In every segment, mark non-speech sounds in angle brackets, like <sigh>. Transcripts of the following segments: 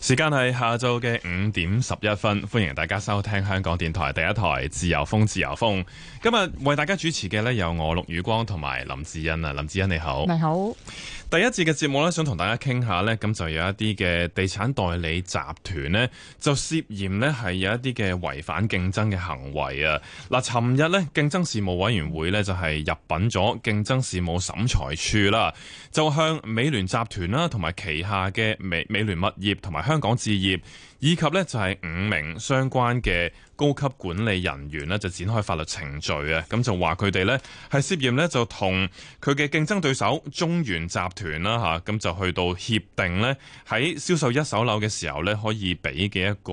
時間係下晝嘅五點十一分。歡迎大家收聽香港電台第一台自由風自由風。今日為大家主持嘅呢有我陸宇光同埋林志恩啊，林志恩你好，你好。第一節嘅節目呢，想同大家傾下呢，咁就有一啲嘅地產代理集團呢，就涉嫌呢係有一啲嘅違反競爭嘅行為啊。嗱，尋日呢競爭事務委員會呢就係入稟咗競爭事務審裁處啦，就向美聯集團啦同埋旗下嘅美美聯物業同埋。香港置業，以及呢，就係五名相關嘅高級管理人員呢，就展開法律程序啊，咁就話佢哋咧係涉嫌呢，就同佢嘅競爭對手中原集團啦吓，咁就去到協定咧喺銷售一手樓嘅時候咧可以俾嘅一個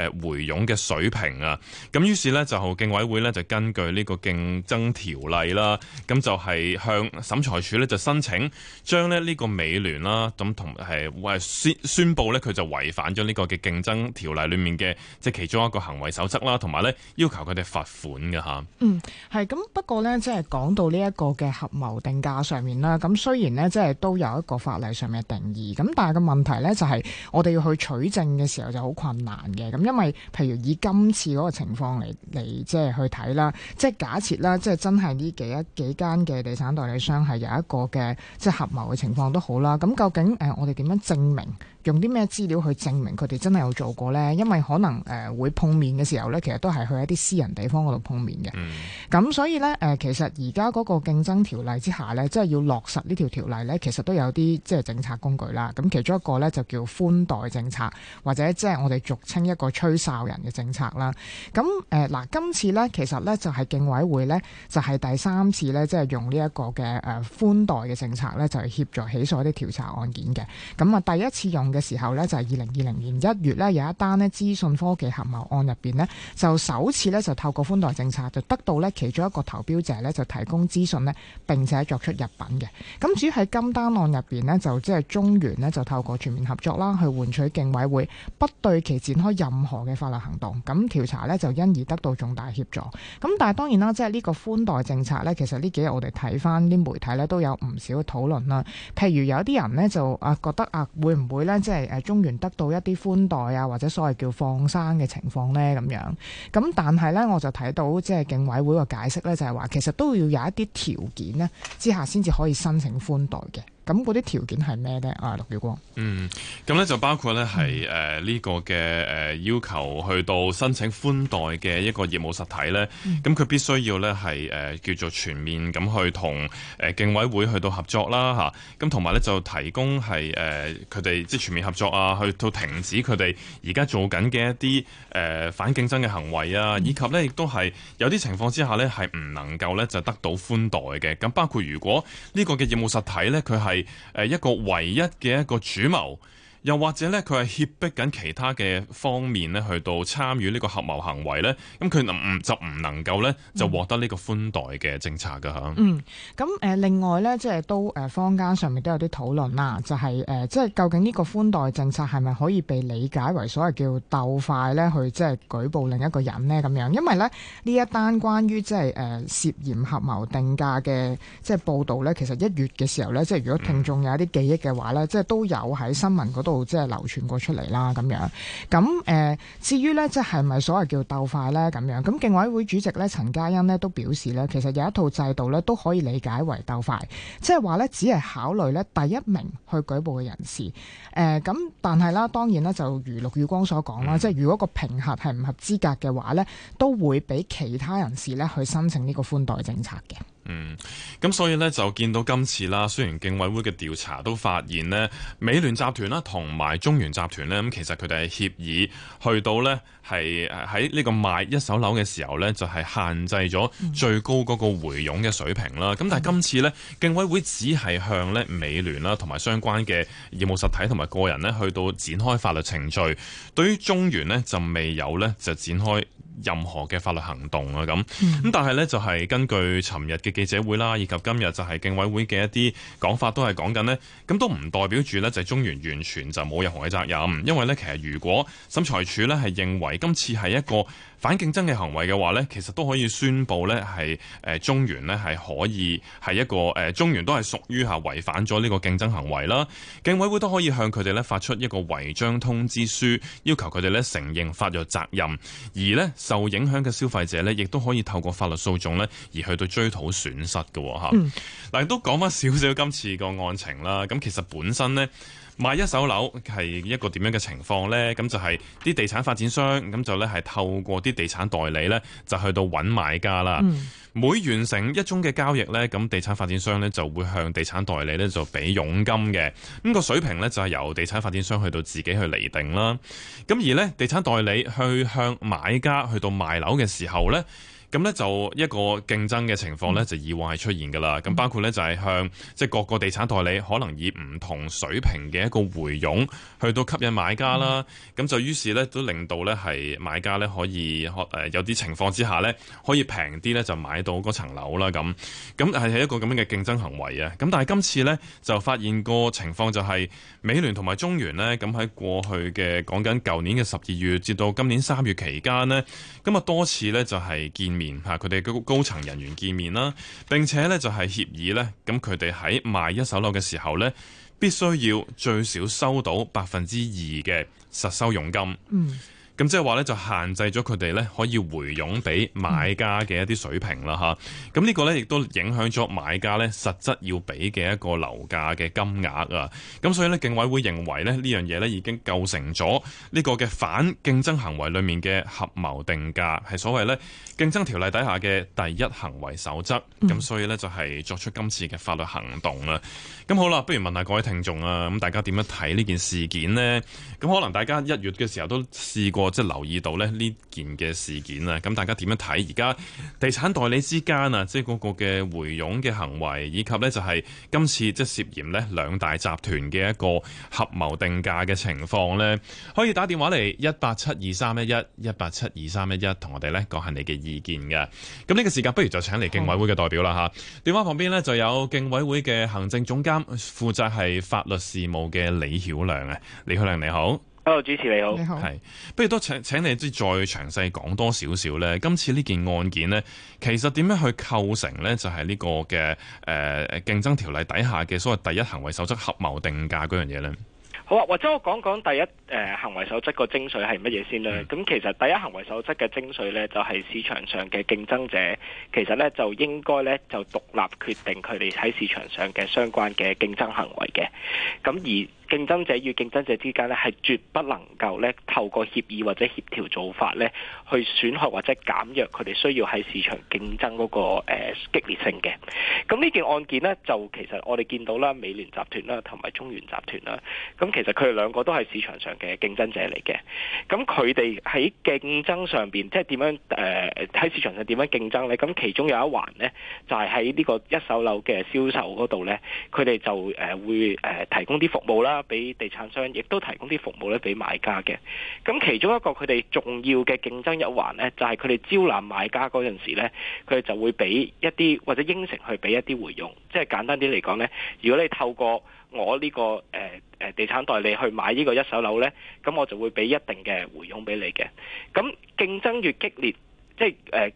誒回佣嘅水平啊，咁於是咧就競委會咧就根據呢個競爭條例啦，咁就係向審裁處咧就申請將咧呢個美聯啦咁同係宣宣布咧佢就違反咗呢個嘅競爭條例裏面嘅即係其中一個行為守則啦，同埋咧要求佢哋罰款嘅吓。嗯，係咁不過咧，即係講到呢一個嘅合謀定價上面啦，咁雖然咧即係都有一個法例上面嘅定義，咁但係個問題咧就係、是、我哋要去取證嘅時候就好困難嘅。咁因為譬如以今次嗰個情況嚟嚟即係去睇啦，即係假設啦，即係真係呢幾一幾間嘅地產代理商係有一個嘅即係合謀嘅情況都好啦。咁究竟誒、呃、我哋點樣證明？用啲咩資料去證明佢哋真係有？做過呢，因為可能誒、呃、會碰面嘅時候呢，其實都係去一啲私人地方嗰度碰面嘅。咁、嗯、所以呢，誒、呃、其實而家嗰個競爭條例之下呢，即係要落實呢條條例呢，其實都有啲即係政策工具啦。咁其中一個呢，就叫寬待政策，或者即係我哋俗稱一個吹哨人嘅政策啦。咁誒嗱，今次呢，其實呢，就係競委會呢，就係第三次呢，即係用呢一個嘅誒寬待嘅政策呢，就係協助起訴一啲調查案件嘅。咁啊，第一次用嘅時候呢，就係二零二零年一月呢有一單咧資訊科技合謀案入邊咧，就首次咧就透過寬待政策就得到咧其中一個投標者咧就提供資訊咧，並且作出入稟嘅。咁至於喺今單案入邊咧，就即係中原咧就透過全面合作啦，去換取競委會不對其展開任何嘅法律行動。咁調查咧就因而得到重大協助。咁但係當然啦，即係呢個寬待政策咧，其實呢幾日我哋睇翻啲媒體咧都有唔少討論啦。譬如有啲人咧就啊覺得啊會唔會咧即係誒中原得到一啲寬待？啊，或者所謂叫放生嘅情況咧，咁樣咁，但係咧，我就睇到即係競委會個解釋咧，就係話其實都要有一啲條件咧之下，先至可以申請寬待嘅。咁嗰啲條件係咩咧？啊，李曉亮，嗯，咁咧就包括咧係誒呢個嘅誒要求去到申請寬待嘅一個業務實體咧，咁、嗯、佢必須要咧係誒叫做全面咁去同誒競委會去到合作啦吓，咁同埋咧就提供係誒佢哋即係全面合作啊，去到停止佢哋而家做緊嘅一啲誒反競爭嘅行為啊、嗯，以及咧亦都係有啲情況之下咧係唔能夠咧就得到寬待嘅，咁包括如果呢個嘅業務實體咧佢係係誒一個唯一嘅一個主謀。又或者咧，佢係脅迫緊其他嘅方面咧，去到參與呢個合謀行為咧，咁佢唔就唔能夠咧，就獲得呢個寬待嘅政策㗎吓。嗯，咁誒另外咧，即係都誒坊間上面都有啲討論啦，就係誒即係究竟呢個寬待政策係咪可以被理解為所謂叫鬥快咧，去即係舉報另一個人呢？咁樣，因為咧呢一單關於即係誒涉嫌合謀定價嘅即係報導咧，其實一月嘅時候咧，即係如果聽眾有一啲記憶嘅話咧，即、嗯、係都有喺新聞嗰度。即係流傳過出嚟啦，咁樣咁誒、呃。至於呢，即係咪所謂叫鬥快呢？咁樣咁，競委會主席咧，陳嘉欣呢都表示呢，其實有一套制度呢都可以理解為鬥快，即係話呢，只係考慮呢第一名去舉報嘅人士誒。咁、呃、但係啦，當然啦，就如陸宇光所講啦，即係如果個評核係唔合資格嘅話呢，都會俾其他人士呢去申請呢個寬待政策嘅。嗯，咁所以呢，就見到今次啦，雖然競委會嘅調查都發現呢，美聯集團啦同埋中原集團呢，咁其實佢哋係協議去到呢係喺呢個賣一手樓嘅時候呢，就係、是、限制咗最高嗰個回傭嘅水平啦。咁、嗯、但係今次呢，競委會只係向呢美聯啦同埋相關嘅業務實體同埋個人呢去到展開法律程序。對於中原呢，就未有呢，就展開。任何嘅法律行動啊，咁咁，但係呢，就係、是、根據尋日嘅記者會啦，以及今日就係競委會嘅一啲講法都是，都係講緊呢。咁都唔代表住呢，就係中原完全就冇任何嘅責任，因為呢，其實如果審裁處呢，係認為今次係一個。反競爭嘅行為嘅話呢其實都可以宣佈呢係中原呢係可以係一個中原都係屬於嚇違反咗呢個競爭行為啦。競委會都可以向佢哋呢發出一個違章通知書，要求佢哋呢承認法律責任，而呢受影響嘅消費者呢，亦都可以透過法律訴訟呢而去到追討損失㗎嚇。嗱、嗯，都講返少少今次個案情啦。咁其實本身呢。賣一手樓係一個點樣嘅情況呢？咁就係啲地產發展商，咁就咧係透過啲地產代理咧就去到揾買家啦。每完成一宗嘅交易咧，咁地產發展商咧就會向地產代理咧就俾佣金嘅。咁個水平咧就係由地產發展商去到自己去釐定啦。咁而呢，地產代理去向買家去到賣樓嘅時候呢。咁呢就一個競爭嘅情況呢，就以往係出現㗎啦。咁包括呢，就係向即係各個地產代理可能以唔同水平嘅一個回佣去到吸引買家啦。咁就於是呢，都令到呢係買家呢可以誒有啲情況之下呢，可以平啲呢就買到嗰層樓啦。咁咁係係一個咁樣嘅競爭行為啊。咁但係今次呢，就發現個情況就係美聯同埋中原呢，咁喺過去嘅講緊舊年嘅十二月至到今年三月期間呢，咁啊多次呢，就係見面。吓，佢哋高高層人員見面啦，並且咧，就係協議咧，咁佢哋喺賣一手樓嘅時候咧，必須要最少收到百分之二嘅實收佣金。嗯。咁即係話咧，就限制咗佢哋咧可以回佣俾買家嘅一啲水平啦，吓。咁呢個咧亦都影響咗買家咧實質要俾嘅一個樓價嘅金額啊。咁所以咧，競委會認為咧呢樣嘢咧已經構成咗呢個嘅反競爭行為裏面嘅合謀定價，係所謂咧競爭條例底下嘅第一行為守則。咁所以咧就係作出今次嘅法律行動啦。咁好啦，不如問下各位聽眾啊，咁大家點樣睇呢件事件咧？咁可能大家一月嘅時候都試過。我即留意到呢件嘅事件啊，咁大家點樣睇而家地產代理之間啊，即係嗰個嘅回佣嘅行為，以及咧就係今次即涉嫌咧兩大集團嘅一個合謀定價嘅情況咧，可以打電話嚟一八七二三一一一八七二三一一同我哋咧講下你嘅意見嘅。咁呢個時間不如就請嚟競委會嘅代表啦吓，電話旁邊咧就有競委會嘅行政總監負責係法律事務嘅李曉亮啊，李曉亮你好。hello 主持你好，你好，係，不如都請請你知，再詳細講多少少咧？今次呢件案件咧，其實點樣去構成咧？就係、是、呢、這個嘅誒競爭條例底下嘅所謂第一行為守則合謀定價嗰樣嘢咧。好啊，或者我講講第一誒、呃、行為守則個精髓係乜嘢先咧？咁、嗯、其實第一行為守則嘅精髓咧，就係、是、市場上嘅競爭者，其實咧就應該咧就獨立決定佢哋喺市場上嘅相關嘅競爭行為嘅，咁而。競爭者與競爭者之間咧，係絕不能夠咧透過協議或者協調做法咧，去損害或者減弱佢哋需要喺市場競爭嗰個誒激烈性嘅。咁呢件案件咧，就其實我哋見到啦，美聯集團啦，同埋中原集團啦。咁其實佢哋兩個都係市場上嘅競爭者嚟嘅。咁佢哋喺競爭上邊，即係點樣誒喺市場上點樣競爭咧？咁其中有一環咧，就係喺呢個一手樓嘅銷售嗰度咧，佢哋就誒會誒提供啲服務啦。俾地產商亦都提供啲服務咧俾買家嘅，咁其中一個佢哋重要嘅競爭一環呢，就係佢哋招攬買家嗰陣時呢，佢哋就會俾一啲或者應承去俾一啲回傭，即係簡單啲嚟講呢，如果你透過我呢個誒誒、呃、地產代理去買呢個一手樓呢，咁我就會俾一定嘅回傭俾你嘅。咁競爭越激烈，即係誒。呃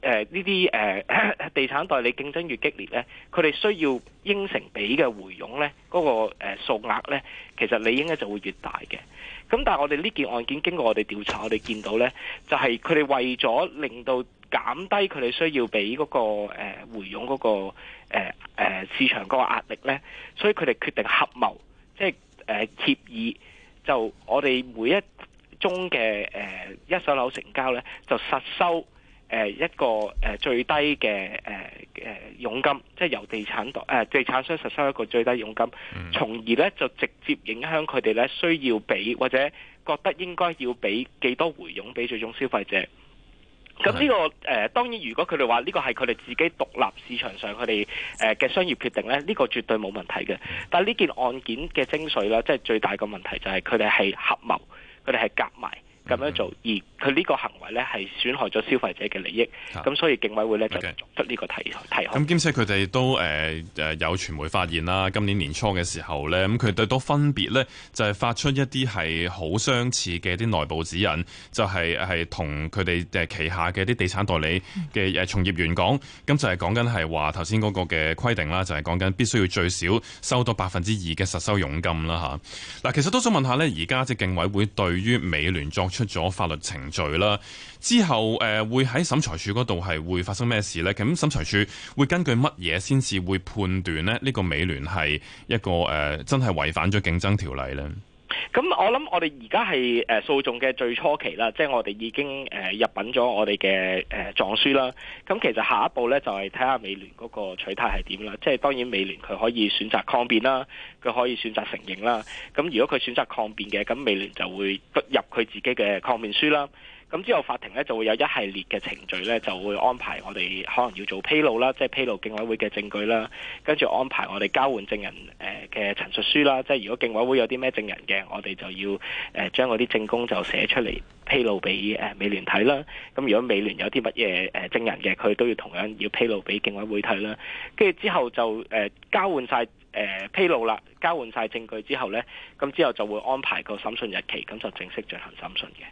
誒，呢啲誒地產代理競爭越激烈呢，佢哋需要應承俾嘅回傭呢嗰、那個誒、呃、數額咧，其實理應咧就會越大嘅。咁但係我哋呢件案件經過我哋調查，我哋見到呢就係佢哋為咗令到減低佢哋需要俾嗰、那個、呃、回傭嗰、那個誒、呃呃、市場嗰個壓力呢。所以佢哋決定合謀，即係誒、呃、協議，就我哋每一宗嘅誒、呃、一手樓成交呢，就實收。誒、呃、一個誒、呃、最低嘅誒誒佣金，即係由地產代誒、呃、地產商實收一個最低嘅佣金，嗯、從而咧就直接影響佢哋咧需要俾或者覺得應該要俾幾多回傭俾最終消費者。咁呢、呢個誒、呃、當然，如果佢哋話呢個係佢哋自己獨立市場上佢哋誒嘅商業決定咧，呢、呢個絕對冇問題嘅。但係呢件案件嘅精髓啦，即係最大嘅問題就係佢哋係合謀，佢哋係夾埋。咁樣做，而佢呢個行為呢係損害咗消費者嘅利益，咁、嗯、所以競委會呢就做出呢個提案。咁、嗯、兼且佢哋都誒有傳媒發現啦，今年年初嘅時候呢，咁佢哋都分別呢，就係發出一啲係好相似嘅啲內部指引，就係係同佢哋旗下嘅啲地產代理嘅誒從業員講，咁就係講緊係話頭先嗰個嘅規定啦，就係講緊必須要最少收到百分之二嘅實收佣金啦嗱，其實都想問下呢，而家只競委會對於美聯作出。出咗法律程序啦，之後誒、呃、會喺審裁處嗰度係會發生咩事咧？咁審裁處會根據乜嘢先至會判斷咧？呢、這個美聯係一個誒、呃、真係違反咗競爭條例咧？咁我諗我哋而家係誒訴訟嘅最初期啦，即係我哋已經入稟咗我哋嘅誒狀書啦。咁其實下一步咧就係睇下美聯嗰個取態係點啦。即係當然美聯佢可以選擇抗辯啦，佢可以選擇承認啦。咁如果佢選擇抗辯嘅，咁美聯就會入佢自己嘅抗辯書啦。咁之後法庭咧就會有一系列嘅程序咧，就會安排我哋可能要做披露啦，即係披露競委會嘅證據啦，跟住安排我哋交換證人嘅、呃、陳述書啦，即係如果競委會有啲咩證人嘅，我哋就要誒、呃、將嗰啲證供就寫出嚟披露俾美聯睇啦。咁如果美聯有啲乜嘢誒證人嘅，佢都要同樣要披露俾競委會睇啦。跟住之後就、呃、交換晒誒、呃、披露啦。交換晒證據之後呢，咁之後就會安排個審訊日期，咁就正式進行審訊嘅。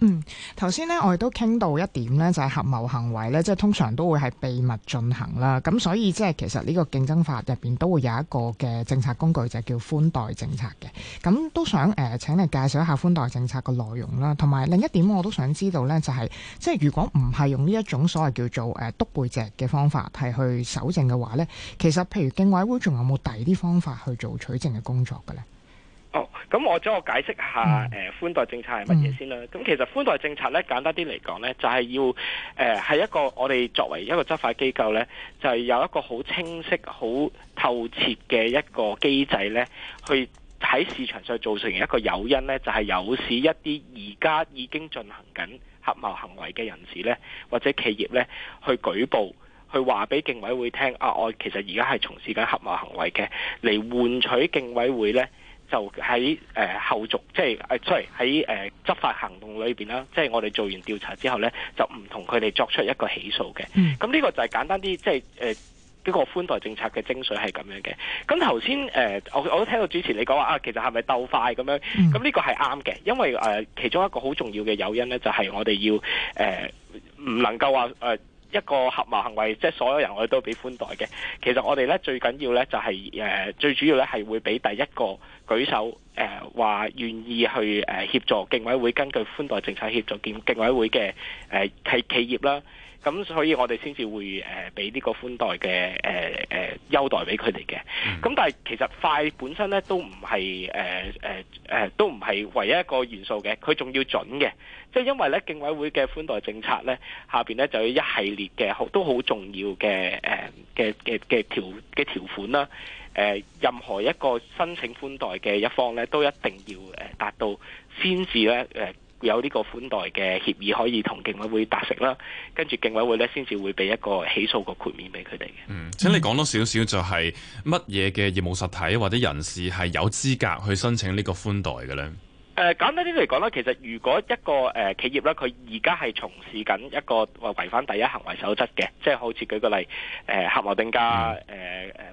嗯，頭先呢，我哋都傾到一點呢，就係合謀行為呢，即係通常都會係秘密進行啦。咁所以即係其實呢個競爭法入邊都會有一個嘅政策工具，就叫寬待政策嘅。咁都想誒、呃，請你介紹一下寬待政策嘅內容啦。同埋另一點，我都想知道呢、就是，就係即係如果唔係用呢一種所謂叫做誒篤背脊嘅方法係去搜證嘅話呢，其實譬如競委會仲有冇第二啲方法去做？取證嘅工作嘅咧，哦，咁我將我解釋下，誒、嗯、寬、呃、待政策係乜嘢先啦。咁、嗯、其實寬待政策咧，簡單啲嚟講咧，就係、是、要，誒、呃，係一個我哋作為一個執法機構咧，就係、是、有一個好清晰、好透徹嘅一個機制咧，去喺市場上造成一個誘因咧，就係、是、有使一啲而家已經進行緊合謀行為嘅人士咧，或者企業咧，去舉報。佢話俾競委會聽，啊，我其實而家係從事緊合謀行為嘅，嚟換取競委會呢就喺誒、呃、後續，即係誒，即係喺誒執法行動裏邊啦，即係我哋做完調查之後呢，就唔同佢哋作出一個起訴嘅。咁、嗯、呢個就係簡單啲，即係誒，呢、呃這個寬待政策嘅精髓係咁樣嘅。咁頭先誒，我我都聽到主持你講話啊，其實係咪鬥快咁樣？咁、嗯、呢個係啱嘅，因為誒、呃，其中一個好重要嘅誘因呢，就係、是、我哋要誒，唔、呃、能夠話誒。呃一個合謀行為，即係所有人我哋都俾寬待嘅。其實我哋咧最緊要咧就係、是、誒最主要咧係會俾第一個舉手誒話、呃、願意去誒協助競委會根據寬待政策協助競競、競委會嘅誒、呃、企企業啦。咁、嗯、所以我哋先至會誒俾呢個寬待嘅誒誒優待俾佢哋嘅。咁、mm -hmm. 但係其實快本身咧都唔係誒誒誒都唔係唯一一個元素嘅，佢仲要準嘅。即、就、係、是、因為咧，競委會嘅寬待政策咧下邊咧就有一系列嘅好都好重要嘅誒嘅嘅嘅條嘅條款啦。誒、呃，任何一個申請寬待嘅一方咧都一定要誒達到先至咧誒。呃有呢個寬待嘅協議可以同競委會達成啦，跟住競委會咧先至會俾一個起訴個豁免俾佢哋嘅。嗯，請你講多少少，就係乜嘢嘅業務實體或者人士係有資格去申請呢個寬待嘅咧？誒，簡單啲嚟講咧，其實如果一個誒、呃、企業咧，佢而家係從事緊一個或違反第一行為守則嘅，即係好似舉個例，誒、呃、合謀定價、誒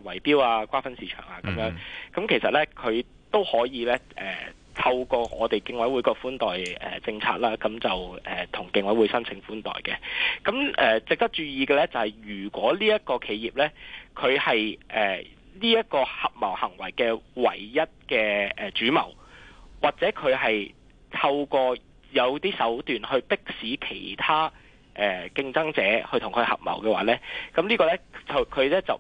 誒圍標啊、瓜分市場啊咁樣，咁、嗯、其實咧佢都可以咧誒。呃透過我哋競委會個寬待政策啦，咁就同競委會申請寬待嘅。咁值得注意嘅咧，就係如果呢一個企業咧，佢係誒呢一個合謀行為嘅唯一嘅主謀，或者佢係透過有啲手段去迫使其他誒競爭者去同佢合謀嘅話咧，咁呢個咧，佢咧就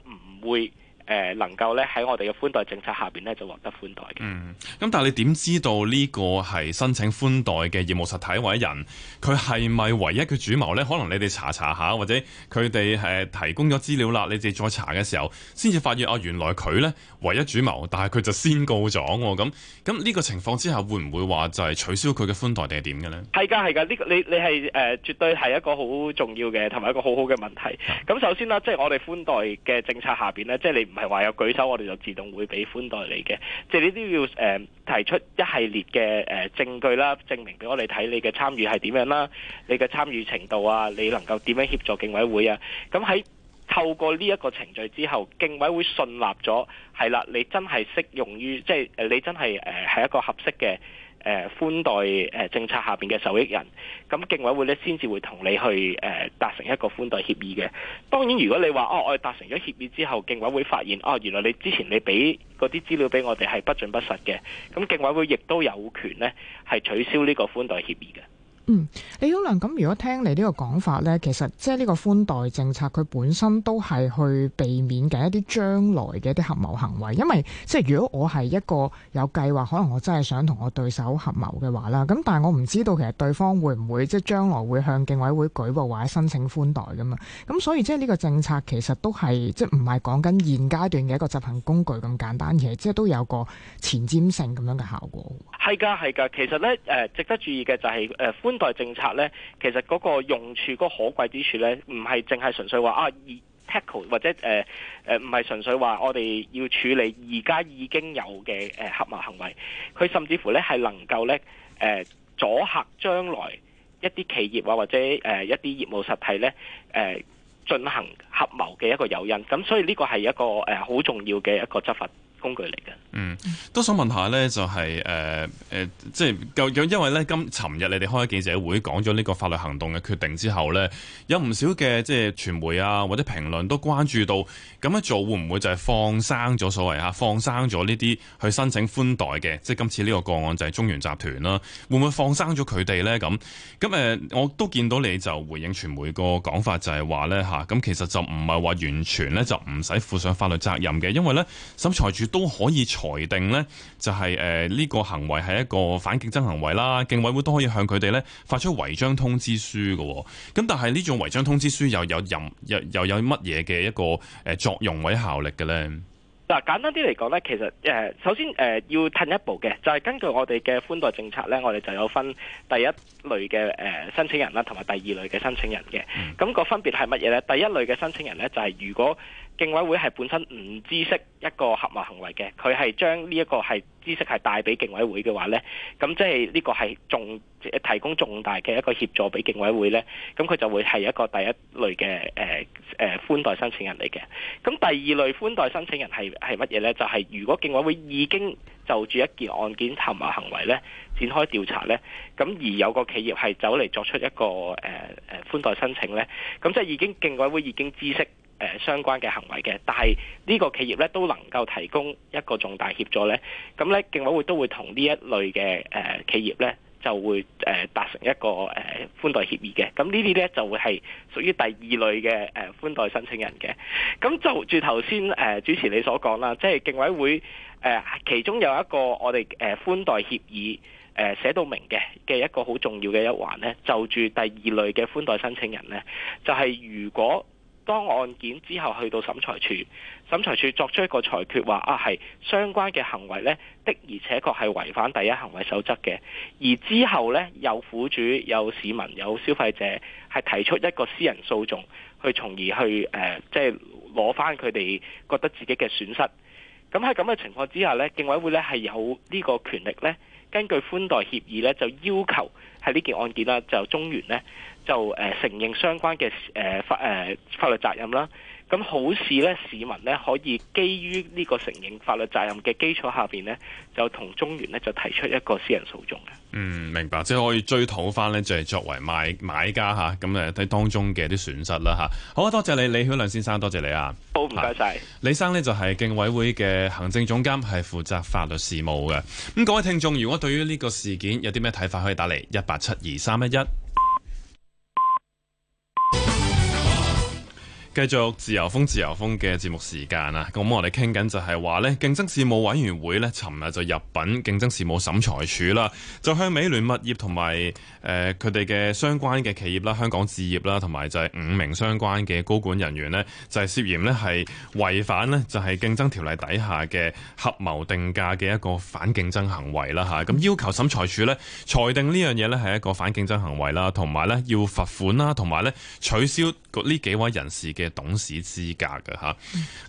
唔會，誒能夠咧喺我哋嘅寬待政策下邊咧就獲得寬待嘅。嗯，咁但係你點知道呢個係申請寬待嘅業務實體或者人佢係咪唯一嘅主謀咧？可能你哋查查下，或者佢哋誒提供咗資料啦，你哋再查嘅時候，先至發現哦，原來佢咧唯一主謀，但係佢就先告咗喎。咁咁呢個情況之下，會唔會話就係取消佢嘅寬待定係點嘅咧？係㗎，係㗎。呢個你你係誒，呃，絕對係一個好重要嘅，同埋一個好好嘅問題。咁首先啦，即係我哋寬待嘅政策下邊咧，即係你。唔係話有舉手，我哋就自動會俾寬待你嘅，即係你都要誒提出一系列嘅誒證據啦，證明俾我哋睇你嘅參與係點樣啦，你嘅參與程度啊，你能夠點樣協助競委會啊？咁喺透過呢一個程序之後，競委會信納咗，係啦，你真係適用於，即係你真係誒係一個合適嘅。誒寬待誒政策下邊嘅受益人，咁競委會咧先至會同你去誒達成一個寬待協議嘅。當然，如果你話哦，我達成咗協議之後，競委會發現哦，原來你之前你俾嗰啲資料俾我哋係不盡不實嘅，咁競委會亦都有權咧係取消呢個寬待協議嘅。嗯、李曉亮，咁如果聽你呢個講法呢？其實即係呢個寬待政策，佢本身都係去避免嘅一啲將來嘅一啲合謀行為，因為即係如果我係一個有計劃，可能我真係想同我對手合謀嘅話啦，咁但係我唔知道其實對方會唔會即係將來會向競委會舉報或者申請寬待噶嘛，咁所以即係呢個政策其實都係即係唔係講緊現階段嘅一個執行工具咁簡單嘢，即係都有個前瞻性咁樣嘅效果。係噶係噶，其實呢，誒、呃，值得注意嘅就係誒寬。呃個政策咧，其實嗰個用處、嗰、嗰個可貴之處咧，唔係淨係純粹話啊、e、tackle 或者誒誒，唔係純粹話我哋要處理而家已經有嘅、呃、合謀行為，佢甚至乎咧係能夠咧誒阻嚇將來一啲企業啊或者、呃、一啲業務實體咧誒進行合謀嘅一個誘因，咁所以呢個係一個好、呃、重要嘅一個執法。工具嚟嘅，嗯，都想問一下呢、就是，就係誒誒即係究竟因為呢今尋日你哋開記者會講咗呢個法律行動嘅決定之後呢，有唔少嘅即係傳媒啊或者評論都關注到咁樣做會唔會就係放生咗所謂吓放生咗呢啲去申請寬待嘅，即係今次呢個個案就係中原集團啦，會唔會放生咗佢哋呢？咁咁誒，我都見到你就回應傳媒個講法就是說，就係話呢吓，咁其實就唔係話完全呢，就唔使負上法律責任嘅，因為呢，審裁處。都可以裁定呢，就係、是、呢、呃呢個行為係一個反競爭行為啦。競委會都可以向佢哋呢發出違章通知書嘅、哦。咁但係呢種違章通知書又有任又又有乜嘢嘅一個、呃、作用或者效力嘅呢？嗱簡單啲嚟講呢，其實、呃、首先、呃、要褪一步嘅，就係、是、根據我哋嘅寬待政策呢，我哋就有分第一類嘅、呃、申請人啦，同埋第二類嘅申請人嘅。咁、嗯那個分別係乜嘢呢？第一類嘅申請人呢，就係、是、如果競委會係本身唔知悉一個合謀行為嘅，佢係將呢一個係知識係帶俾競委會嘅話呢，咁即係呢個係重提供重大嘅一個協助俾競委會呢，咁佢就會係一個第一類嘅誒誒寬待申請人嚟嘅。咁第二類寬待申請人係係乜嘢呢？就係、是、如果競委會已經就住一件案件合謀行為呢展開調查呢，咁而有個企業係走嚟作出一個誒誒、啊啊、寬待申請呢，咁即係已經競委會已經知悉。誒相關嘅行為嘅，但係呢個企業咧都能夠提供一個重大協助咧，咁咧，競委會都會同呢一類嘅、呃、企業咧就會誒、呃、達成一個誒、呃、寬待協議嘅，咁呢啲咧就會係屬於第二類嘅誒、呃、寬待申請人嘅。咁就住頭先主持你所講啦，即係競委會、呃、其中有一個我哋誒、呃、寬待協議、呃、寫到明嘅嘅一個好重要嘅一環咧，就住第二類嘅寬待申請人咧，就係、是、如果，當案件之後去到審裁處，審裁處作出一個裁決說，話啊係相關嘅行為呢的而且確係違反第一行為守則嘅，而之後呢，有苦主、有市民、有消費者係提出一個私人訴訟，去從而去誒即係攞返佢哋覺得自己嘅損失。咁喺咁嘅情況之下呢，競委會呢係有呢個權力呢。根據寬待協議咧，就要求喺呢件案件啦，就中原咧就誒承認相關嘅誒法誒法律責任啦。咁好事咧，市民咧可以基於呢個承認法律責任嘅基礎下邊呢，就同中原呢就提出一個私人訴訟嘅。嗯，明白，即係可以追討翻呢，就係、是、作為買買家吓，咁誒睇當中嘅啲損失啦吓，啊。好啊，多謝你，李曉亮先生，多謝你啊。好唔該晒，李生呢就係、是、競委會嘅行政總監，係負責法律事務嘅。咁、嗯、各位聽眾，如果對於呢個事件有啲咩睇法，可以打嚟一八七二三一一。1, 8, 7, 2, 3, 1, 1繼續自由風自由風嘅節目時間啊！咁我哋傾緊就係話咧，競爭事務委員會咧尋日就入稟競爭事務審裁處啦，就向美聯物業同埋誒佢哋嘅相關嘅企業啦，香港置業啦，同埋就係五名相關嘅高管人員咧，就係涉嫌咧係違反咧就係競爭條例底下嘅合謀定價嘅一個反競爭行為啦吓！咁要求審裁處咧裁定呢樣嘢咧係一個反競爭行為啦，同埋咧要罰款啦，同埋咧取消呢幾位人士嘅。嘅董事資格嘅吓，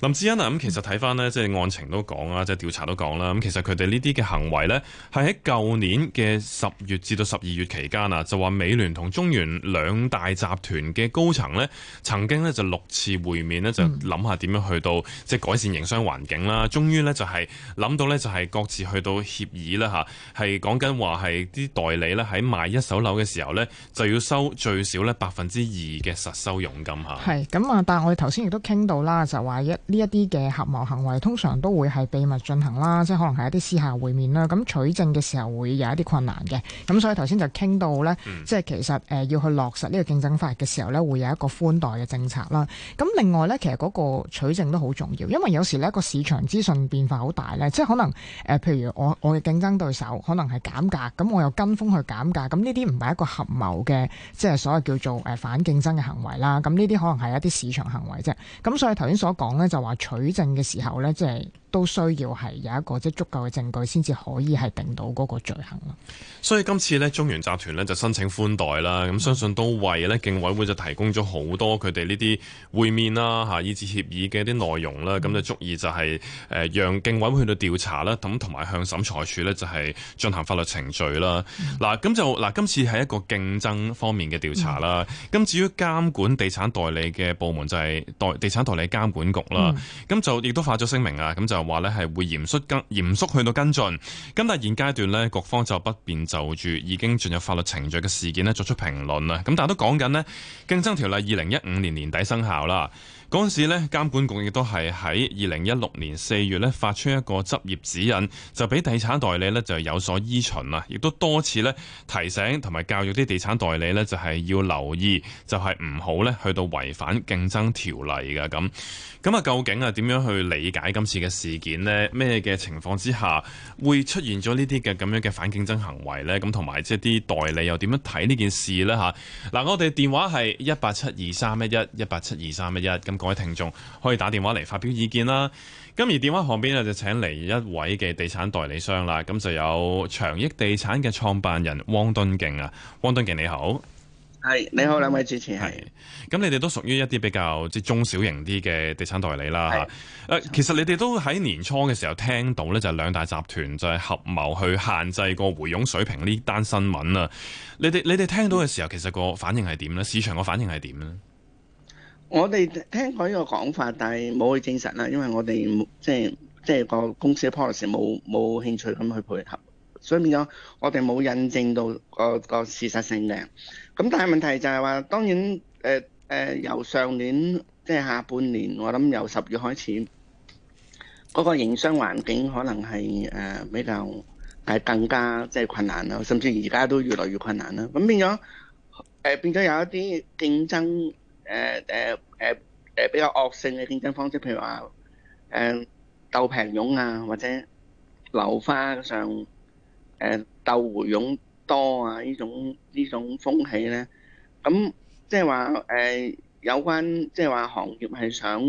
林志恩啊，咁其實睇翻咧，即係案情都講啊，即係調查都講啦。咁其實佢哋呢啲嘅行為咧，係喺舊年嘅十月至到十二月期間啊，就話美聯同中原兩大集團嘅高層咧，曾經咧就六次會面咧，就諗下點樣去到即係改善營商環境啦。終於咧就係諗到咧就係各自去到協議啦吓，係講緊話係啲代理咧喺賣一手樓嘅時候咧，就要收最少咧百分之二嘅實收佣金吓。係咁啊。但係我哋頭先亦都傾到啦，就話一呢一啲嘅合謀行為通常都會係秘密進行啦，即係可能係一啲私下會面啦。咁取證嘅時候會有一啲困難嘅。咁所以頭先就傾到咧、嗯，即係其實誒、呃、要去落實呢個競爭法嘅時候咧，會有一個寬待嘅政策啦。咁另外咧，其實嗰個取證都好重要，因為有時咧個市場資訊變化好大咧，即係可能誒、呃，譬如我我嘅競爭對手可能係減價，咁我又跟風去減價，咁呢啲唔係一個合謀嘅，即係所謂叫做誒反競爭嘅行為啦。咁呢啲可能係一啲市場行為啫，咁所以頭先所講咧，就話取證嘅時候咧，即係，都需要係有一個即係足夠嘅證據先至可以係定到嗰個罪行咯。所以今次咧，中原集團咧就申請寬待啦。咁相信都為咧競委會就提供咗好多佢哋呢啲會面啦吓，以致協議嘅一啲內容啦。咁、嗯、就足以就係誒讓競委會去到調查啦。咁同埋向審裁處咧就係進行法律程序啦。嗱咁就嗱今次係一個競爭方面嘅調查啦。咁至於監管地產代理嘅部門就係、是、代地產代理監管局啦。咁就亦都發咗聲明啊。咁就話咧係會嚴肅跟嚴肅去到跟進，咁但係現階段呢各方就不便就住已經進入法律程序嘅事件咧作出評論啦。咁但係都講緊呢競爭條例二零一五年年底生效啦。嗰陣時呢，監管局亦都係喺二零一六年四月呢發出一個執業指引，就俾地產代理呢就有所依循啦。亦都多次呢提醒同埋教育啲地產代理呢就係要留意，就係唔好呢去到違反競爭條例㗎。咁。咁啊，究竟啊點樣去理解今次嘅事件呢？咩嘅情況之下會出現咗呢啲嘅咁樣嘅反競爭行為呢？咁同埋即係啲代理又點樣睇呢件事呢？嗱，我哋電話係一八七二三一一一八七二三一一咁。各位聽眾可以打電話嚟發表意見啦。咁而電話旁邊咧，就請嚟一位嘅地產代理商啦。咁就有祥益地產嘅創辦人汪敦敬啊。汪敦敬你好，係你好兩位主持，係咁，你哋都屬於一啲比較即中小型啲嘅地產代理啦。誒，其實你哋都喺年初嘅時候聽到呢就係、是、兩大集團就係合謀去限制個回傭水平呢單新聞啊。你哋你哋聽到嘅時候，其實個反應係點呢？市場個反應係點呢？我哋聽過呢個講法，但係冇去證實啦，因為我哋即係即係個公司嘅 policy 冇冇興趣咁去配合，所以變咗我哋冇印證到個個事實性嘅。咁但係問題就係話，當然誒誒、呃呃、由上年即係、就是、下半年，我諗由十月開始，嗰、那個營商環境可能係誒比較係更加即係、就是、困難啦，甚至而家都越來越困難啦。咁變咗誒、呃、變咗有一啲競爭。誒誒誒比較惡性嘅競爭方式，譬如話誒鬥平傭啊，或者樓花上誒鬥回傭多啊，呢種呢種風氣咧，咁即係話誒有關即係話行業係想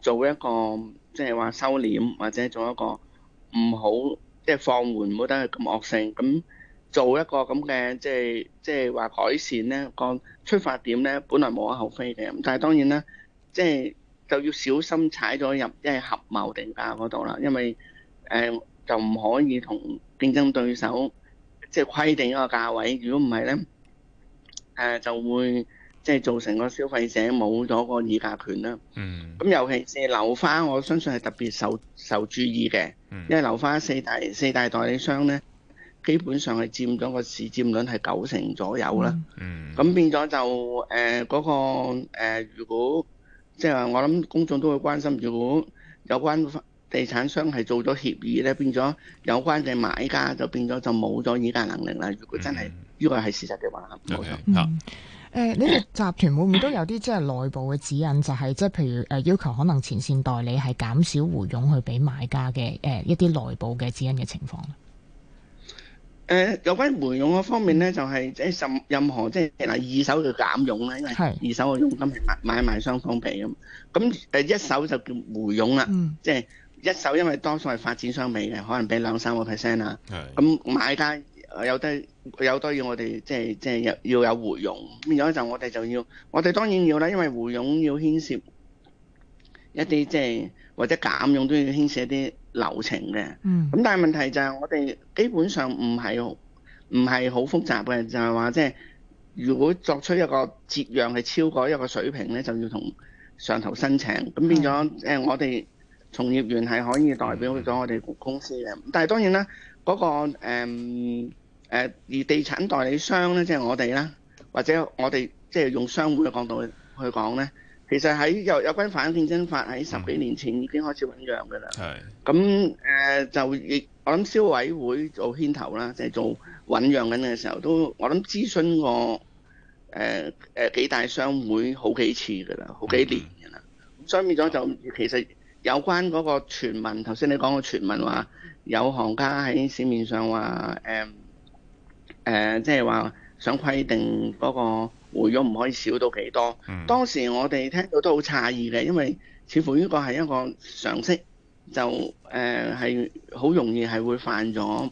做一個即係話收斂，或者做一個唔好即係放緩，唔好得咁惡性咁。做一個咁嘅即係即係話改善咧個出發點咧，本來冇可厚非嘅。但係當然啦，即係就要小心踩咗入即係合謀定價嗰度啦，因為誒、呃、就唔可以同競爭對手即係規定一個價位，如果唔係咧誒就會即係造成個消費者冇咗個議價權啦。嗯。咁尤其是樓花，我相信係特別受受注意嘅，因為樓花四大四大代理商咧。基本上係佔咗個市佔率係九成左右啦。嗯，咁、嗯、變咗就誒嗰、呃那個、呃、如果即係話，我諗公眾都會關心，如果有關地產商係做咗協議咧，變咗有關嘅買家就變咗就冇咗議價能力啦。如果真係呢個係事實嘅話，係係啊。呢、呃、你哋集團會唔會都有啲即係內部嘅指引，呃、就係即係譬如誒要求可能前線代理係減少回佣去俾買家嘅誒、呃、一啲內部嘅指引嘅情況？誒有關回傭嗰方面咧，就係即係任何即係嗱二手嘅減傭啦，因為二手嘅佣金係買買賣雙方俾咁，咁誒一手就叫回傭啦、嗯，即係一手因為多數係發展商俾嘅，可能俾兩三個 percent 啦，咁、嗯、買家有得有多要我哋即係即係有要有回傭，咁有就我哋就要，我哋當然要啦，因為回傭要牽涉一啲即係或者減傭都要牽涉啲流程嘅，咁但係問題就係我哋基本上唔係唔係好複雜嘅，就係話即係如果作出一個折讓係超過一個水平咧，就要同上頭申請，咁變咗誒，我哋從業員係可以代表咗我哋公司嘅。但係當然啦，嗰、那個誒誒、嗯、而地產代理商咧，即、就、係、是、我哋啦，或者我哋即係用商會嘅角度去講咧。其實喺有有關反競爭法喺十幾年前已經開始醞釀㗎啦。係、呃、咁就亦我諗消委會做牽頭啦，即、就、係、是、做醞釀緊嘅時候，都我諗諮詢過誒誒、呃、幾大商會好幾次㗎啦，好幾年㗎啦。咁所以變咗就其實有關嗰個傳聞，頭先你講個傳聞話有行家喺市面上話誒誒，即係話想規定嗰、那個。回咗唔可以少到幾多、嗯？當時我哋聽到都好詫異嘅，因為似乎呢個係一個常識，就誒係好容易係會犯咗，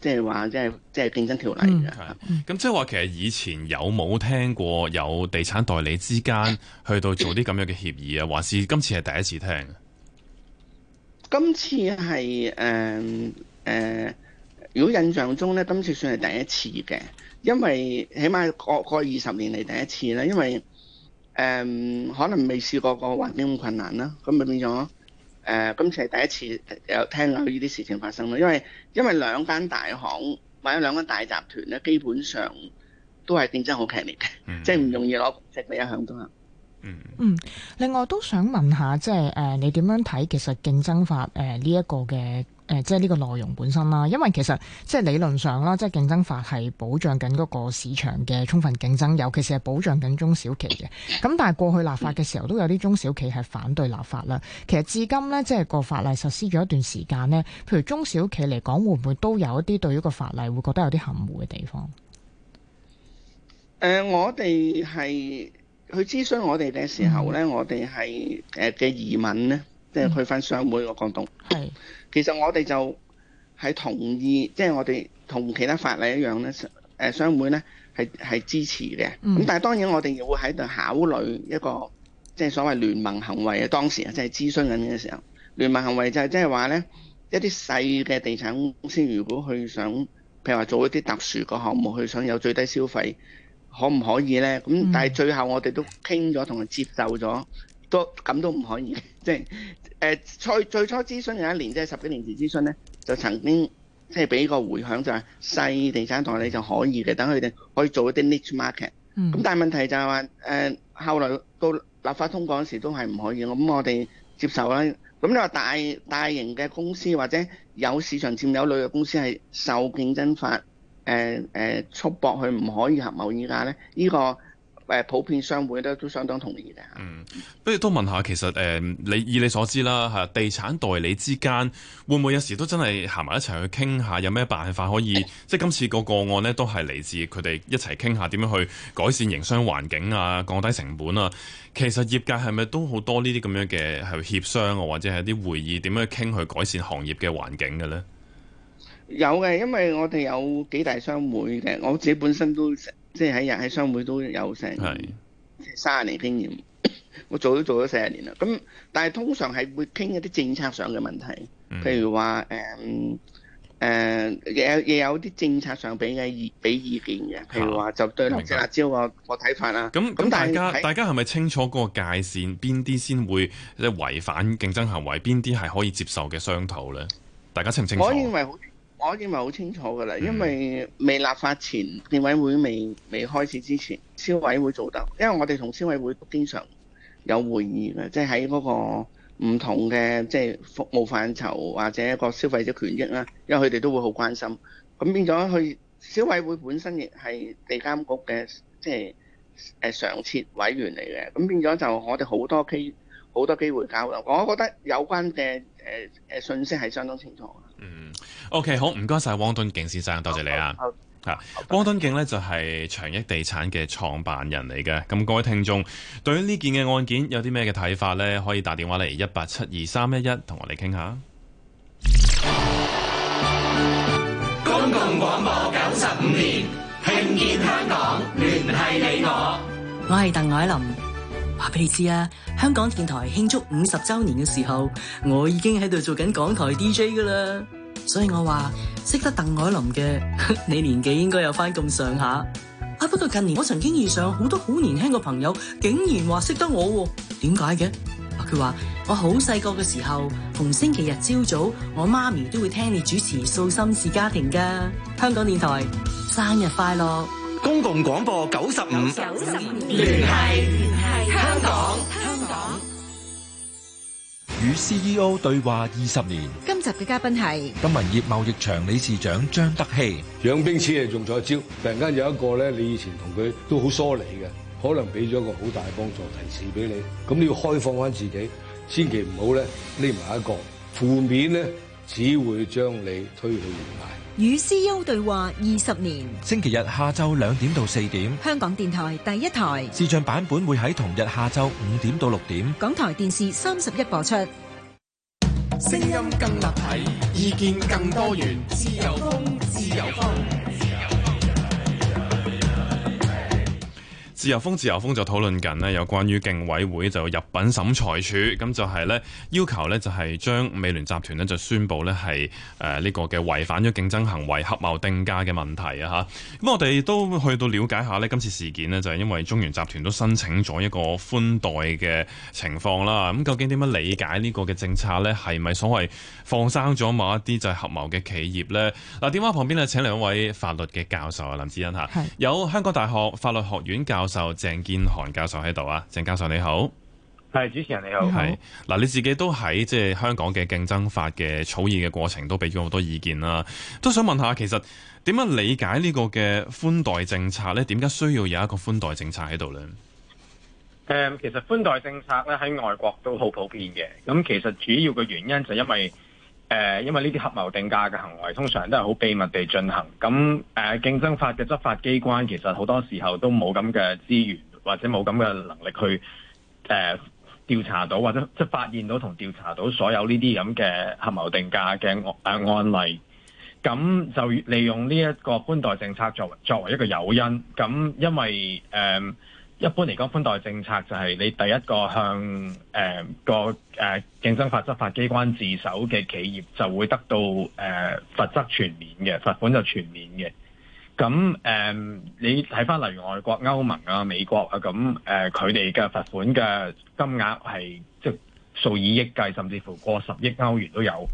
即係話即係即係競爭條例嘅。係啊，咁即係話其實以前有冇聽過有地產代理之間去到做啲咁樣嘅協議啊？還 <laughs> 是今次係第一次聽？今次係誒誒，如果印象中咧，今次算係第一次嘅。因為起碼過過二十年嚟第一次啦，因為誒、嗯、可能未試過個環境咁困難啦，咁咪變咗誒、呃、今次係第一次有聽到呢啲事情發生啦。因為因為兩間大行或者兩間大集團咧，基本上都係競爭好劇烈嘅、嗯，即係唔容易攞職位一向都啦。嗯，另外都想問下，即係誒你點樣睇其實競爭法誒呢一個嘅？誒，即係呢個內容本身啦，因為其實即係理論上啦，即係競爭法係保障緊嗰個市場嘅充分競爭，尤其是係保障緊中小企嘅。咁但係過去立法嘅時候都、嗯、有啲中小企係反對立法啦。其實至今呢，即係個法例實施咗一段時間呢，譬如中小企嚟講，會唔會都有一啲對於個法例會覺得有啲含糊嘅地方？誒、呃，我哋係去諮詢我哋嘅時候呢、嗯，我哋係誒嘅移民呢，即係去返上會個講動係。嗯其實我哋就係同意，即係我哋同其他法例一樣呢，誒商會呢係係支持嘅。咁但係當然我哋亦會喺度考慮一個，即係所謂聯盟行為。當時啊，即係諮詢緊嘅時候，聯盟行為就係即係話呢：「一啲細嘅地產公司如果去想，譬如話做一啲特殊個項目，去想有最低消費，可唔可以呢？」咁但係最後我哋都傾咗，同埋接受咗。都咁都唔可以，即係最最初諮詢有一年，即、就、係、是、十幾年前諮詢咧，就曾經即係俾個迴響、就是，就係細地產代理就可以嘅，等佢哋可以做一啲 niche market、嗯。咁但係問題就係話誒，後來到立法通過嗰時都係唔可以，咁我哋接受啦。咁你話大大型嘅公司或者有市場佔有率嘅公司係受競爭法誒誒、呃呃、束縛去，佢唔可以合謀議價咧？呢、這個誒普遍商會咧都相當同意嘅。嗯，不如都問下，其實誒、呃，你以你所知啦嚇，地產代理之間會唔會有時都真係行埋一齊去傾下，有咩辦法可以？哎、即係今次個個案呢，都係嚟自佢哋一齊傾下點樣去改善營商環境啊，降低成本啊。其實業界係咪都好多呢啲咁樣嘅係協商啊，或者係啲會議點樣去傾去改善行業嘅環境嘅咧？有嘅，因為我哋有幾大商會嘅，我自己本身都。即係喺日喺商會都有成，即係三十年經驗，我做都做咗四十年啦。咁但係通常係會傾一啲政策上嘅問題，嗯、譬如話誒誒，亦、呃呃、有亦有啲政策上俾嘅意俾意見嘅，譬如話就對綠色辣椒我我睇法啦。咁咁大家大家係咪清楚嗰個界線邊啲先會即係違反競爭行為，邊啲係可以接受嘅商討咧？大家清唔清楚？我認為好清楚㗎啦，因為未立法前，競委會未未開始之前，消委會做得，因為我哋同消委會經常有會議嘅，即係喺嗰個唔同嘅即係服務範疇或者個消費者權益啦，因為佢哋都會好關心，咁變咗佢消委會本身亦係地監局嘅即係誒常設委員嚟嘅，咁變咗就我哋好多機好多機會交流，我覺得有關嘅誒誒信息係相當清楚的。嗯，OK，好，唔該晒汪敦敬先生，多謝，謝你啊，吓、okay. okay. okay. okay. 汪敦敬呢，就係、是、祥益地產嘅創辦人嚟嘅，咁各位聽眾對於呢件嘅案件有啲咩嘅睇法呢？可以打電話嚟一八七二三一一同我哋傾下。公共廣播九十五年，聽見香港，聯繫你我，我係鄧凱林。話俾你知啊，香港電台慶祝五十周年嘅時候，我已經喺度做緊港台 DJ 噶啦，所以我話識得鄧藹霖嘅，你年紀應該有翻咁上下啊。不過近年我曾經遇上好多好年輕嘅朋友，竟然話識得我，點解嘅？佢話我好細個嘅時候，逢星期日朝早，我媽咪都會聽你主持《訴心事家庭》噶。香港電台生日快樂！公共廣播九十五年，係聯繫香港香港，與 CEO 對話二十年。今集嘅嘉賓係金文業貿易場理事長張德熙。養兵千日，用在朝，突然間有一個咧，你以前同佢都好疏離嘅，可能俾咗個好大嘅幫助提示俾你。咁你要開放返自己，千祈唔好咧匿埋一個負面咧，只會將你推去懸崖。與 CEO 對話二十年。星期日下晝兩點到四點，香港電台第一台視像版本會喺同日下晝五點到六點，港台電視三十一播出。聲音更立體，意見更多元，自由風，自由風。自由風自由風就討論緊有關於競委會就入稟審裁處，咁就係、是、呢要求呢就係將美聯集團就宣布呢係呢個嘅違反咗競爭行為合謀定價嘅問題啊，咁我哋都去到了解下呢今次事件呢就係、是、因為中原集團都申請咗一個寬待嘅情況啦。咁究竟點樣理解呢個嘅政策呢？係咪所謂放生咗某一啲就係合謀嘅企業呢？嗱電話旁邊呢請兩位法律嘅教授啊，林志恩嚇，有香港大學法律學院教授。就鄭建韓教授喺度啊，鄭教授你好，係主持人你好，係嗱，你自己都喺即係香港嘅競爭法嘅草擬嘅過程都俾咗好多意見啦，都想問下，其實點樣理解呢個嘅寬待政策呢？點解需要有一個寬待政策喺度呢？其實寬待政策咧喺外國都好普遍嘅，咁其實主要嘅原因就因為。誒，因為呢啲合謀定價嘅行為通常都係好秘密地進行，咁誒競爭法嘅執法機關其實好多時候都冇咁嘅資源或者冇咁嘅能力去誒調查到或者即係發現到同調查到所有呢啲咁嘅合謀定價嘅、呃、案例，咁就利用呢一個寬待政策作為作為一個誘因，咁因為誒。呃一般嚟講，寬待政策就係你第一個向誒、呃、個誒競爭法執法機關自首嘅企業，就會得到誒罰、呃、則全免嘅罰款就全免嘅。咁誒、呃，你睇翻例如外國歐盟啊、美國啊，咁誒佢哋嘅罰款嘅金額係即係數以億計，甚至乎過十億歐元都有。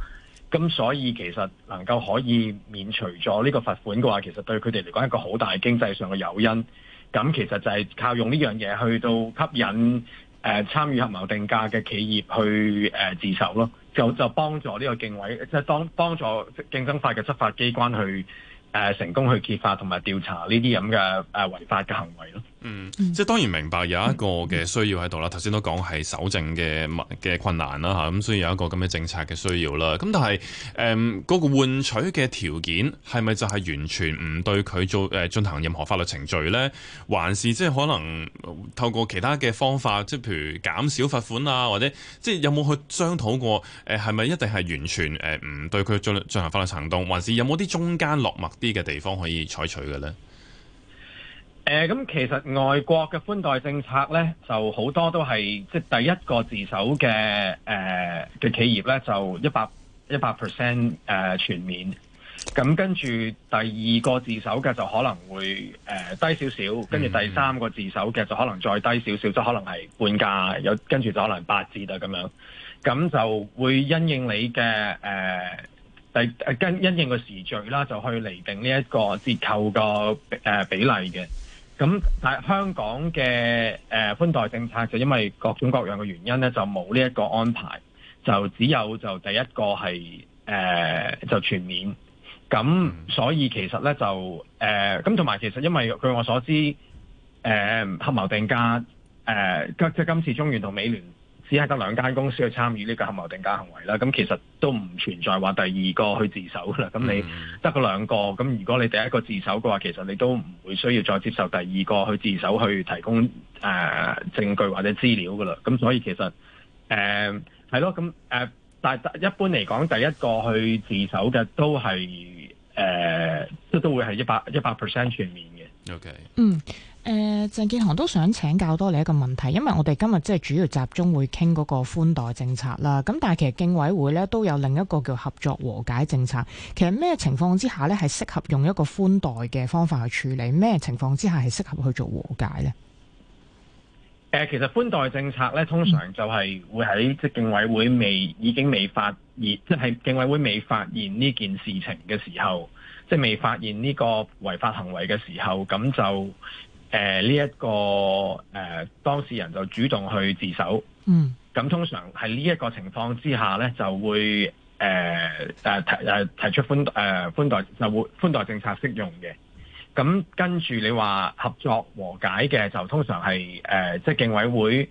咁所以其實能夠可以免除咗呢個罰款嘅話，其實對佢哋嚟講一個好大的經濟上嘅誘因。咁其實就係靠用呢樣嘢去到吸引誒、呃、參與合謀定價嘅企業去誒、呃、自首咯，就就幫助呢個競委，即、就、係、是、當幫助競爭法嘅執法機關去誒、呃、成功去揭發同埋調查呢啲咁嘅誒違法嘅行為咯。嗯，即係當然明白有一個嘅需要喺度啦。頭先都講係搜證嘅嘅困難啦嚇，咁所以有一個咁嘅政策嘅需要啦。咁但係誒嗰個換取嘅條件係咪就係完全唔對佢做誒進行任何法律程序呢？還是即係可能透過其他嘅方法，即係譬如減少罰款啊，或者即係有冇去商討過誒係咪一定係完全誒唔對佢進進行法律行動，還是有冇啲中間落墨啲嘅地方可以採取嘅呢？誒、呃、咁其實外國嘅寬待政策咧，就好多都係即係第一個自首嘅誒嘅企業咧，就一百一百 percent 誒全免。咁跟住第二個自首嘅就可能會誒、呃、低少少，跟住第三個自首嘅就可能再低少少，即、嗯嗯、可能係半價有，跟住就可能八折啊咁樣。咁就會因應你嘅誒第跟因應個時序啦，就去嚟定呢一個折扣個誒比例嘅。咁但係香港嘅誒寬待政策就因為各種各樣嘅原因咧，就冇呢一個安排，就只有就第一個係誒、呃、就全免。咁所以其實咧就誒咁同埋其實因為據我所知，誒、呃、合謀定價誒即今次中原同美聯。只係得兩間公司去參與呢個合謀定價行為啦，咁其實都唔存在話第二個去自首噶啦。咁你得嗰兩個，咁如果你第一個自首嘅話，其實你都唔會需要再接受第二個去自首去提供誒、呃、證據或者資料噶啦。咁所以其實誒係咯，咁、呃、誒、呃、但係一般嚟講，第一個去自首嘅都係誒都都會係一百一百 percent 全面嘅。Okay. 嗯。誒、呃，鄭建韓都想請教多你一個問題，因為我哋今日即係主要集中會傾嗰個寬待政策啦。咁但係其實競委會咧都有另一個叫合作和解政策。其實咩情況之下咧係適合用一個寬待嘅方法去處理？咩情況之下係適合去做和解呢？誒、呃，其實寬待政策咧通常就係會喺即係競委會未已經未發現，即係競委會未發現呢件事情嘅時候，即係未發現呢個違法行為嘅時候，咁就。誒、呃，呢一個誒、呃、當事人就主動去自首，嗯，咁通常喺呢一個情況之下咧，就會誒誒、呃、提誒、呃、提出寬誒、呃、寬待，就會寬待政策適用嘅。咁跟住你話合作和解嘅，就通常係誒、呃、即係競委會誒、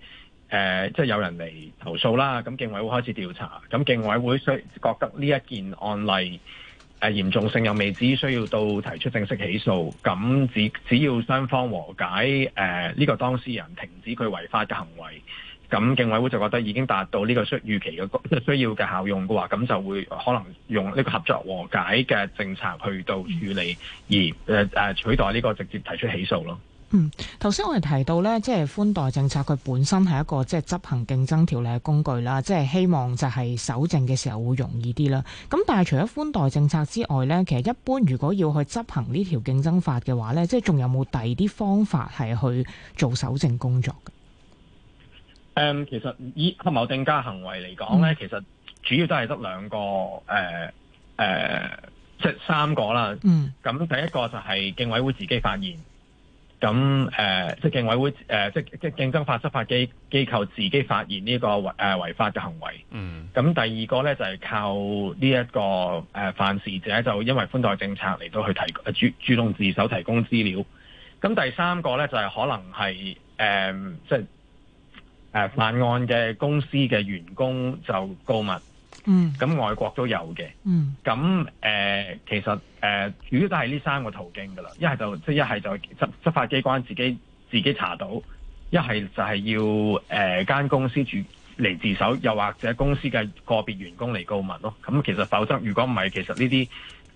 呃、即係有人嚟投訴啦，咁競委會開始調查，咁競委會需覺得呢一件案例。誒，嚴重性又未至於需要到提出正式起訴，咁只只要雙方和解，誒、呃、呢、呢個當事人停止佢違法嘅行為，咁競委會就覺得已經達到呢個需預期嘅需要嘅效用嘅話，咁就會可能用呢個合作和解嘅政策去到處理，而誒、呃、取代呢個直接提出起訴咯。嗯，頭先我哋提到咧，即係寬待政策，佢本身係一個即係執行競爭條例嘅工具啦，即係希望就係搜證嘅時候會容易啲啦。咁但係除咗寬待政策之外咧，其實一般如果要去執行呢條競爭法嘅話咧，即係仲有冇第二啲方法係去做搜證工作嘅？誒，其實以合謀定價行為嚟講咧，其實主要都係得兩個，誒、呃、誒、呃，即係三個啦。嗯。咁第一個就係競委會自己發現。咁誒、呃，即係，競委會誒，即係即係競爭法執法機機構自己發現呢個違誒違法嘅行為，嗯。咁第二個咧就係、是這個，靠呢一個誒犯事者就因為寬待政策嚟到去提誒主主動自首提供資料。咁第三個咧就係、是，可能係誒、呃、即係，誒、呃、犯案嘅公司嘅員工就告密。嗯，咁外國都有嘅，嗯，咁誒、呃、其實誒、呃，主要都係呢三個途徑㗎喇，一係就即係一係就執、執法機關自己自己查到，一係就係要誒間、呃、公司主嚟自首，又或者公司嘅個別員工嚟告密咯，咁其實否則如果唔係，其實呢啲。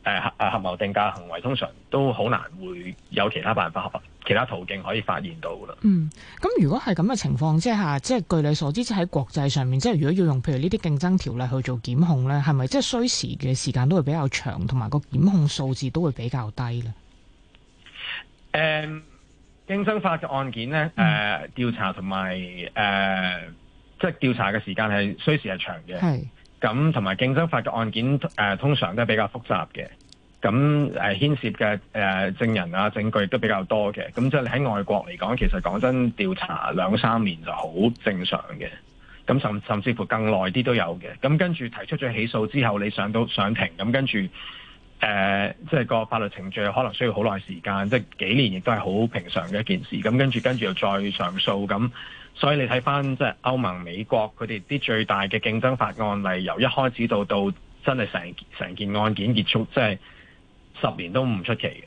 誒，合合謀定價行為通常都好難會有其他辦法、其他途徑可以發現到噶。嗯，咁如果係咁嘅情況之下，即係據你所知，即喺國際上面，即係如果要用譬如呢啲競爭條例去做檢控咧，係咪即係需時嘅時間都會比較長，同埋個檢控數字都會比較低咧？誒、嗯，競爭法嘅案件咧，誒、呃、調查同埋誒即係調查嘅時間係需時係長嘅。係。咁同埋競爭法嘅案件，誒，通常都係比較複雜嘅，咁誒牽涉嘅誒證人啊、證據都比較多嘅，咁即係喺外國嚟講，其實講真，調查兩三年就好正常嘅，咁甚甚至乎更耐啲都有嘅，咁跟住提出咗起訴之後，你上到上庭，咁跟住誒，即係個法律程序可能需要好耐時間，即係幾年，亦都係好平常嘅一件事，咁跟住跟住又再上訴咁。所以你睇翻即係歐盟、美國佢哋啲最大嘅競爭法案例，由一開始到到真係成成件案件結束，即係十年都唔出奇嘅。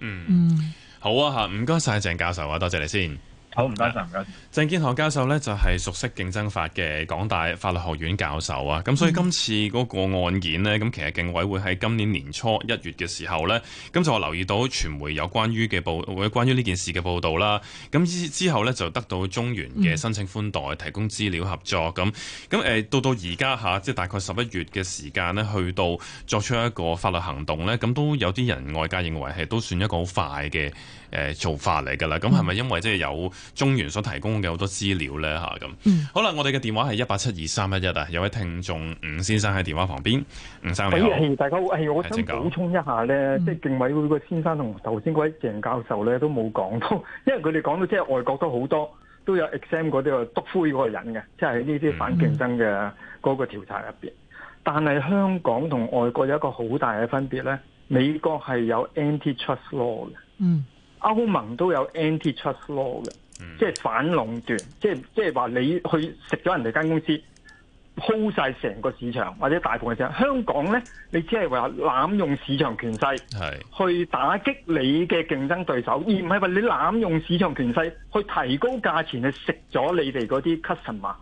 嗯。嗯，好啊吓，唔該晒鄭教授啊，多謝，謝你先。好，唔該晒，唔該鄭建韓教授呢，就係熟悉競爭法嘅港大法律學院教授啊，咁、嗯、所以今次嗰個案件呢，咁其實競委會喺今年年初一月嘅時候呢，咁就我留意到傳媒有關於嘅報，或者關於呢件事嘅報道啦，咁之之後呢，就得到中原嘅申請寬待提供資料合作，咁、嗯、咁到到而家吓，即係大概十一月嘅時間呢，去到作出一個法律行動呢，咁都有啲人外界認為，係都算一個好快嘅。誒做法嚟㗎啦，咁係咪因為即係有中原所提供嘅好多資料咧吓，咁、嗯？好啦，我哋嘅電話係一八七二三一一啊，有位聽眾吳先生喺電話旁邊，吳生你好。係大家，係我想補充一下咧，即係競委會個先生同頭先嗰位鄭教授咧都冇講到，因為佢哋講到即係外國都好多都有 exam 嗰啲啊篤灰嗰個人嘅，即係呢啲反競爭嘅嗰個調查入邊、嗯。但係香港同外國有一個好大嘅分別咧，美國係有 antitrust law 嘅，嗯。歐盟都有 Antitrust law 嘅、嗯，即係反壟斷，即係即係話你去食咗人哋間公司，鋪晒成個市場或者大部分嘅市場，香港呢，你只係話濫用市場權勢，係去打擊你嘅競爭對手，是而唔係話你濫用市場權勢去提高價錢去食咗你哋嗰啲 customer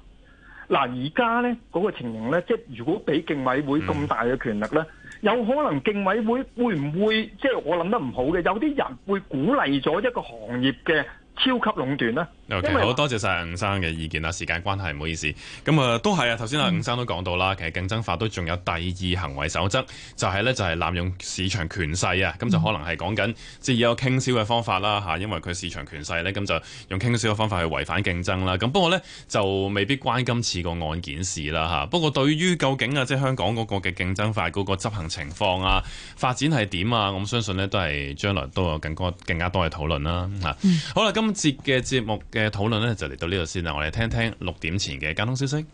嗱，而家呢，嗰、那個情形呢，即係如果俾競委會咁大嘅權力呢。嗯有可能競委會會唔會即係、就是、我諗得唔好嘅，有啲人會鼓勵咗一個行業嘅超級壟斷咧。Okay, 好多謝吳生嘅意見啦。時間關係，唔好意思。咁啊，都係啊。頭先啊，吳生都講到啦、嗯。其實競爭法都仲有第二行為守則，就係、是、呢，就係、是、濫用市場權勢啊。咁、嗯、就可能係講緊，即、就、係、是、有傾銷嘅方法啦、啊、因為佢市場權勢呢，咁就用傾銷嘅方法去違反競爭啦。咁不過呢，就未必關今次個案件事啦、啊、不過對於究竟啊，即、就、係、是、香港嗰個嘅競爭法嗰個執行情況啊，發展係點啊？我相信呢，都係將來都有更多更加多嘅討論啦、啊嗯、好啦，今節嘅節目嘅。嘅討論咧就嚟到呢度先啦，我哋聽聽六點前嘅交通消息。